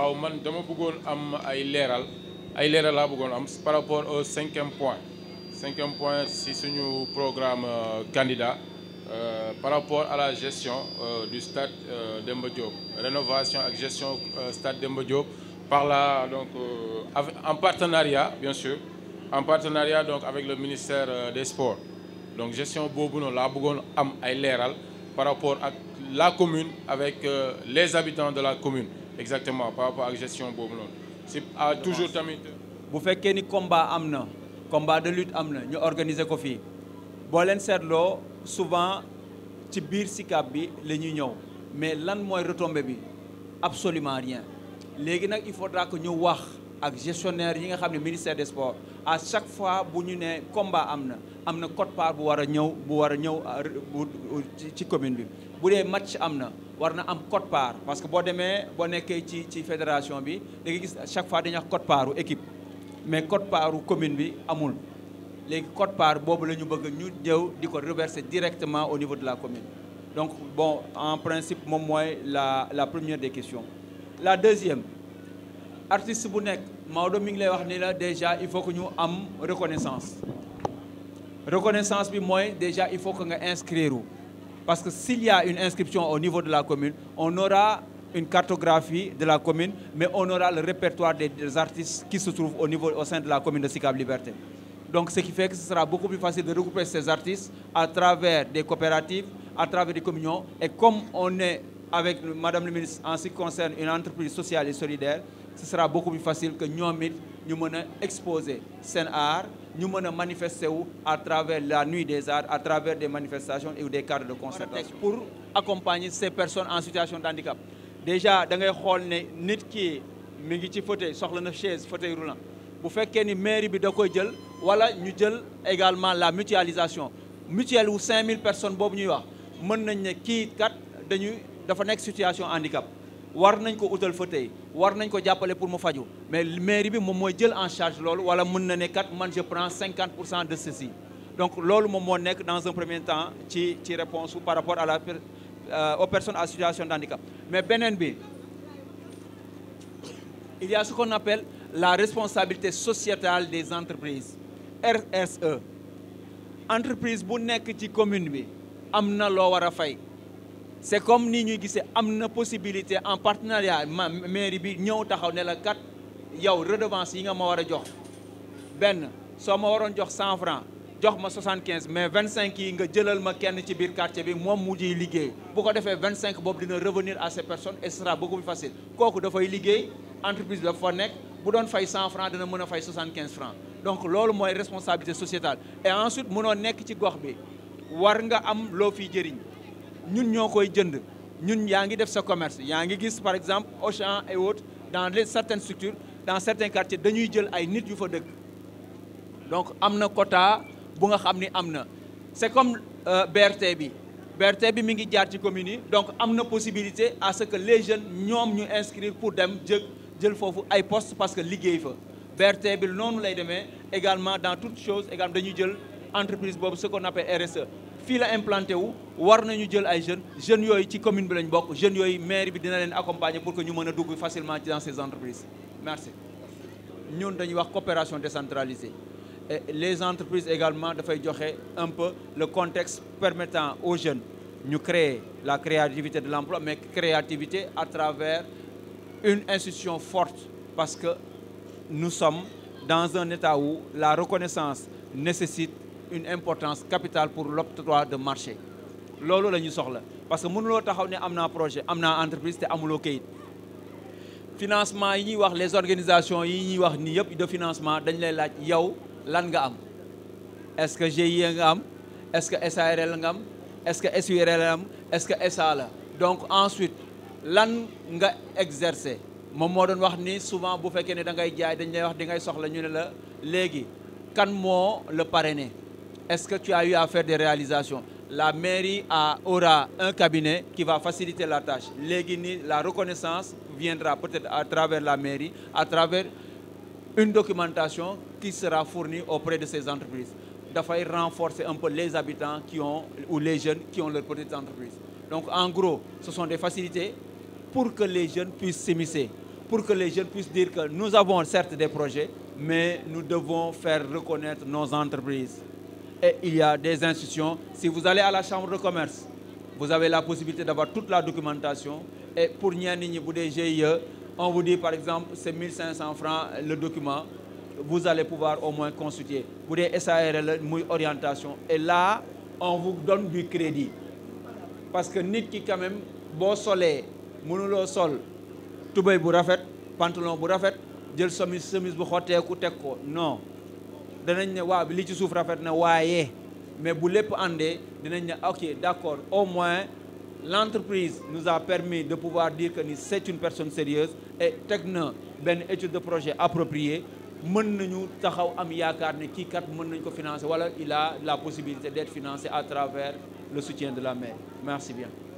waaw man dama bëggoon am ay leeral ay leeral laa bëggoon am par rapport au cinquième point cinquième point si suñu programme euh, candidat Euh, par rapport à la gestion euh, du stade euh, Demba Diop rénovation ak gestion euh, stade Demba Diop par la donc avec, en partenariat bien sûr en partenariat donc avec le ministère des Sports donc gestion boobu noonu laa bëggoon am ay leeral par rapport ak la commune avec les habitants de la commune exactement par rapport ak gestion boobu noonu si à toujours tamit euh, bu fekkee ni combat am na combat de lutte am na ñu organiser ko fii boo leen seetloo souvent ci biir SICAP bi la ñuy ñëw mais lan mooy retombée bi absolument rien léegi nag il faudra que ñu wax ak gestionnaire yi nga xam ne ministère des sports à chaque fois bu ñu nee combat am na am na quote-part bu war a ñëw bu war a ñëw euh, ci commune bi bu dee match am na war na am quote part parce que boo demee boo nekkee ci ci fédération bi da ngay gis chaque fois dañu wax quote partu équipe mais quote partu commune bi amul léegi quote part boobu la ñu bëgg ñu ñëw di ko reverser directement au niveau de la commune donc bon en principe moom mooy la la première des questions la deuxième artiste bu nekk Maodo mi ngi lay wax ni la déjà il faut que ñu am reconnaissance reconnaissance bi mooy déjà il faut que nga inscrire Parce que s'il y a une inscription au niveau de la commune, on aura une cartographie de la commune, mais on aura le répertoire des, des artistes qui se trouvent au, niveau, au sein de la commune de Sicap Liberté. Donc ce qui fait que ce sera beaucoup plus facile de regrouper ces artistes à travers des coopératives, à travers des communions. Et comme on est avec Madame le ministre en ce qui concerne une entreprise sociale et solidaire, ce sera beaucoup plus facile que nous ñu mën a exposer seen art ñu mën a manifester wu à travers la nuit des arts à travers des manifestations et des cadres de concertation pour accompagne ces personnes en situation de handicap déjà da ngay xool ne nit kii mi ngi ci fauteuil soxla na chaise fauteuil roulant bu fekkee ni mairie bi da koy jël wala ñu jël également la mutualisation mutuelle wu 5000 personnes boobu ñuy wax mën nañ ne kii kat dañuy dafa nekk situation handicap war nañ ko utal tey war nañ ko jàppale pour mu faju mais mairie bi moom mooy jël en charge loolu wala mën na ne kat man je prends 50 pour cent de ceci donc loolu moom moo nekk dans un premier temps ci ci réponse par rapport à la euh, aux personnes à situation de handicap mais beneen bi il y a ce qu'on la responsabilité sociétale des entreprises RSE entreprise bu nekk ci commune bi am na loo war a fay c'est comme ni ñuy gisee am na possibilité en partenariat ma mairie bi ñëw taxaw ne la kat yow redevance yi nga ma war a jox benn soo ma waroon jox 100 francs jox ma 75 mais 25 yi nga jëlal ma kenn ci biir quartier bi moom mu jiy liggéey bu ko defee 25 boobu dina revenir à ces personnes et ce sera beaucoup plus facile kooku dafay liggéey entreprise dafa fa nekk bu doon fay 100 francs dina mën a fay 75 francs donc loolu mooy responsabilité sociétale et ensuite mënoo nekk ci gox bi war nga am loo fiy jëriñ ñun ñoo koy jënd ñun yaa ngi def sa commerce yaa ngi gis par exemple Auchan et autres dans les certaines structures dans certains quartiers dañuy jël ay nit yu fa dëkk donc am na quota bu nga xam ni am na c'est comme euh, BRT bi BRT bi mu ngi jaar ci commune yi donc am na possibilité à ce que les jeunes ñoom ñu inscrire pour dem jël jël foofu ay post parce que liggéey fa BRT bi noonu lay demee également dans toute chose également dañuy jël entreprise boobu ce qu'on appelle RSE fii la implanté wu war nañu jël ay jeunes jeunes yooyu ci commune bi lañ bokk jeunes yooyu maire bi dina leen accompagner pour que ñu mën a dugg facilement ci dans ces entreprises merci ñun dañuy wax coopération décentralisée et les entreprises également dafay joxe un peu le contexte permettant aux jeunes ñu créer la créativité de l'emploi mais créativité à travers une institution forte parce que nous sommes dans un état où la reconnaissance nécessite une importance capitale pour l'octroi de marché loolu la ñu soxla parce que mënuloo taxaw ne am naa projet am naa entreprise te amuloo kayit financement yi ñuy wax les organisations yi ñuy wax ni yëpp de financement dañu lay laaj yow lan nga am est-ce que GIE nga am est-ce que SARL nga am est-ce que SURL nga am est-ce que SA la donc ensuite lan nga exercer moom moo doon wax ni souvent bu fekkee ne da ngay jaay dañ lay wax di ngay soxla ñu ne la léegi kan moo le parrainé est-ce que tu as eu à faire des réalisations la mairie a, aura un cabinet qui va faciliter la tâche léegi nii la reconnaissance viendra peut-être à travers la mairie à travers une documentation qui sera fournie auprès de ces entreprises dafay renforcer un peu les habitants qui ont ou les jeunes qui ont leurs petites entreprises donc en gros ce sont des facilités pour que les jeunes puissent s'immiscer pour que les jeunes puissent dire que nous avons certes des projet mais nous devons faire reconnaître nos entreprises et il y a des institutions. Si vous allez à la chambre de commerce, vous avez la possibilité d'avoir toute la documentation. Et pour Nianini des GIE, on vous dit par exemple, c'est 1500 francs le document, vous allez pouvoir au moins consulter. Vous avez SARL, orientation. Et là, on vous donne du crédit. Parce que nit qui quand même, bon soleil, mënuloo sol tubéy bu rafet pantalon bu rafet jël chemise chemise bu xotteeku teg ko non danañ ne waaw li ci suuf rafet na waaye mais bu lépp àndee dinañ ne ok d'accord au moins l'entreprise nous a permis de pouvoir dire que ni c'est une personne sérieuse et teg na benn étude de projet appropriée mën nañu taxaw am yaakaar ni kii kat mën nañ ko financer wala il a la possibilité d'être financé à travers le soutien de la mairie merci bien